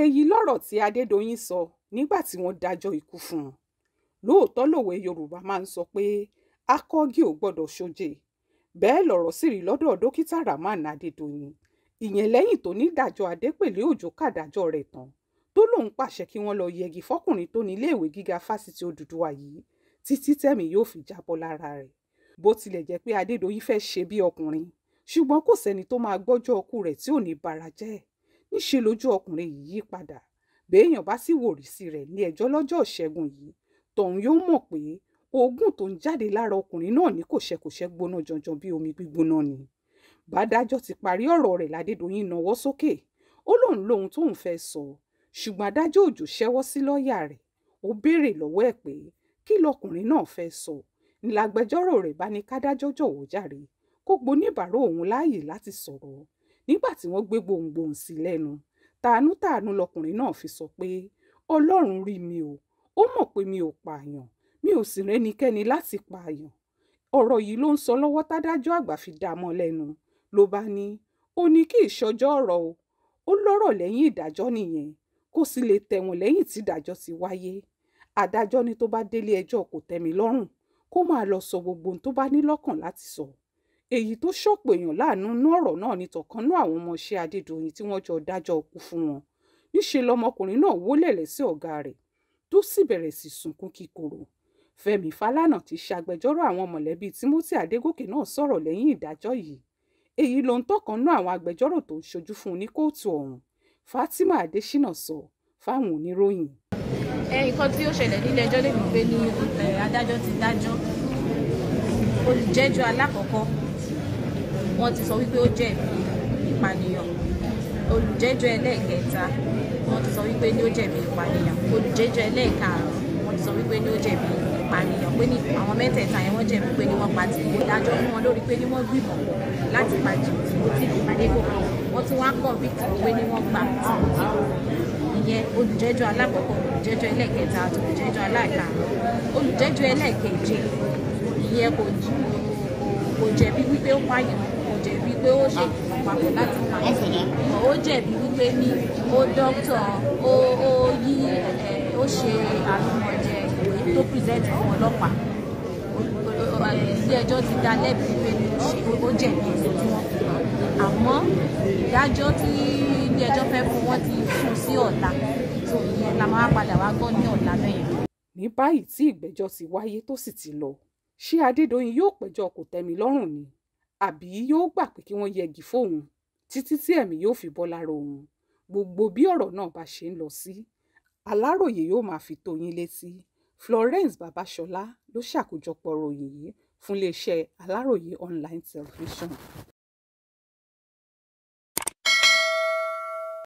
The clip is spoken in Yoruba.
èyí lọ̀rọ̀ tí adédọ̀yìn sọ nígbà tí wọ́n dájọ́ ikú fún un lóòótọ́ lòwe yorùbá máa ń sọ pé akọ́gi ò gbọ́dọ̀ ṣoje bẹ́ẹ̀ lọ̀rọ̀ sì rí lọ́dọ̀ dókítà rahman adédọ̀yìn ìyẹn lẹ́yìn tó nídàjọ́ adépèlé òjó kàdájọ́ rẹ̀ tán tó lòun pàṣẹ kí wọ́n lọ yẹgi fọkùnrin tó ní iléèwé gíga fásitì odùduwà yìí títí tẹ̀mí yóò fi jábọ́ lára rẹ̀ bó tilẹ̀ jẹ́ pé adédọ̀yìn fẹ́ ṣe bí ọkùnrin ṣùgbọ́n kò sẹ́ni tó máa gbọ́jọ́ ọkù rẹ̀ tí ò ní bara jẹ́ níṣe lójú ọkùnrin yìí yí padà béèyàn bá sì wòrí sí rẹ̀ ní ẹjọ́ lọ́jọ́ ìṣẹ́gun yìí tọ̀hún yóò mọ̀ pé oògùn tó ń jáde lára ọkùnrin náà ní kòṣẹkòṣẹ gbóná janjan bí omi gbígbóná ni bàdájọ́ ti parí ọ̀rọ̀ rẹ̀ ládédọ̀yìn náwó sókè ó lóun lóhun tóun fẹ́ sọ ṣùgbọ́n adájọ́ òjò ṣẹ́wọ́ sí lọ́ọ̀yà rẹ̀ ó béèrè lọ́wọ́ ẹ̀ pé kí lọkùnrin náà fẹ́ sọ ńlágbẹjọ́rò rẹ̀ bá ní kádájọ́ jọ̀wọ́ jàre kó gboníbàárò òun láàyè láti sọ̀rọ̀ nígbà tí wọ́n gbé gbohùngbohùn sí lẹ́nu tàánútàánú lọkùnrin náà fi sọ pé ọlọ́run rí mi o ó mọ̀ pé mi ò pààyàn mi ò sì rẹ́nikẹ́ni láti pààyàn ọ̀rọ̀ yìí ló ń sọ lọ́wọ́ tádájọ́ àgbà fi dá mọ́ lẹ́nu ló bá ní ó ní kí ìṣọjọ́ ọ̀rọ̀ o ó lọ́rọ̀ lẹ́yìn ìdájọ́ nìyẹn kó sì lè tẹ̀wọ̀n lẹ́yìn tí ìdájọ́ ti wáyé adájọ́ ni tó bá délé ẹjọ́ kò tẹ́mi lọ́rùn kó máa lọ sọ gbogbo ohun tó bá ní lọ́kàn láti sọ èyí tó ṣọ̀pọ̀ èèyàn láàánú nú ọ̀rọ̀ náà ni tọ̀kan nú àwọn ọmọọṣẹ́ adédọ̀yìn tí wọ́n jọ dájọ́ ikú fún wọn níṣe lọmọkùnrin náà wólẹ̀ lẹ́sẹ̀ ọ̀gá rẹ̀ tó sì bẹ̀rẹ̀ sí sunkún kíkorò fẹ́mi falana ti ṣàgbẹjọ́rò àwọn mọ̀lẹ́bí timothy adégòkè náà sọ̀rọ̀ lẹ́yìn ìdájọ́ yìí èyí ló ń tọ̀kan nú àwọn agbẹjọ́rò tó ń ṣojú fún un ní kóòtù ọ̀hún fatima adésínà sọ fáwọn oníròyìn. ẹ nǹkan tí ó ṣẹlẹ̀ nílé ẹjọ́ lè mú pé ní adájọ́ ti dájọ́ olùjẹ́jọ́ alákọ̀ọ́kọ́ wọ́n ti sọ wípé ó jẹ̀bi ìpànìyàn olùjẹ́jọ́ ẹlẹ́ẹ̀kẹta wọ́n ti sọ wípé ní ó jẹ̀bi ìpànìyàn olùjẹ́jọ́ ẹlẹ́ẹ̀karùn wọ́n ti sọ wípé ní ó jẹ̀bi ìpànìyàn pé ní àwọn mẹ́tẹ̀ẹ̀ta yẹn wọ́n jẹ̀bi pé ní wọ́n pa tìǹbù ìdájọ́ fún wọn lórí pé ní wọ́n gbìmọ̀ láti pa tìǹbù tí adégòkè wọ́n tún wá convict pé ní wọ́n pa tìǹbù ìyẹn olùjẹ́jọ́ alákọ̀ọ́kọ́ olùjẹ́jọ́ ẹlẹ́ẹ̀kẹta àti olùjẹ́jọ́ aláàkàrún olùjẹ́jọ́ ẹlẹ́ẹ̀keje ìyẹn kò jẹ̀bi wípé ó pààyàn jẹ̀bi pé ó ṣe papọ̀ láti pa ó jẹ̀bi wípé ní ó dókítà ó yí ó ṣe àlùmọ̀jẹ tó present fún ọlọ́pàá ilé ẹjọ́ ti dá lẹ́bi pé ó jẹ̀bi tí wọ́n fi hàn àmọ́ ìdájọ́ tí ilé ẹjọ́ fẹ́ fún wọn ti fún sí ọ̀la tó ìyẹn la máa padà wá gbọ́ ní ọ̀la lẹ́yìn. ní báyìí tí ìgbẹ́jọ́ ti wáyé tó sì ti lọ ṣé adédọ̀yìn yóò péjọ kò tẹ́mi lọ́rùn ni àbí yóò gbà pé kí wọ́n yẹgi fóun títí tí ẹ̀mí yóò fi bọ́ lára òun gbogbo bí ọ̀rọ̀ náà bá ṣe ń lọ sí aláròye yóò máa fi tó yín létí Florence Babasola ló ṣàkójọpọ̀ ròyìn yìí fún iléeṣẹ́ Aláròye online television.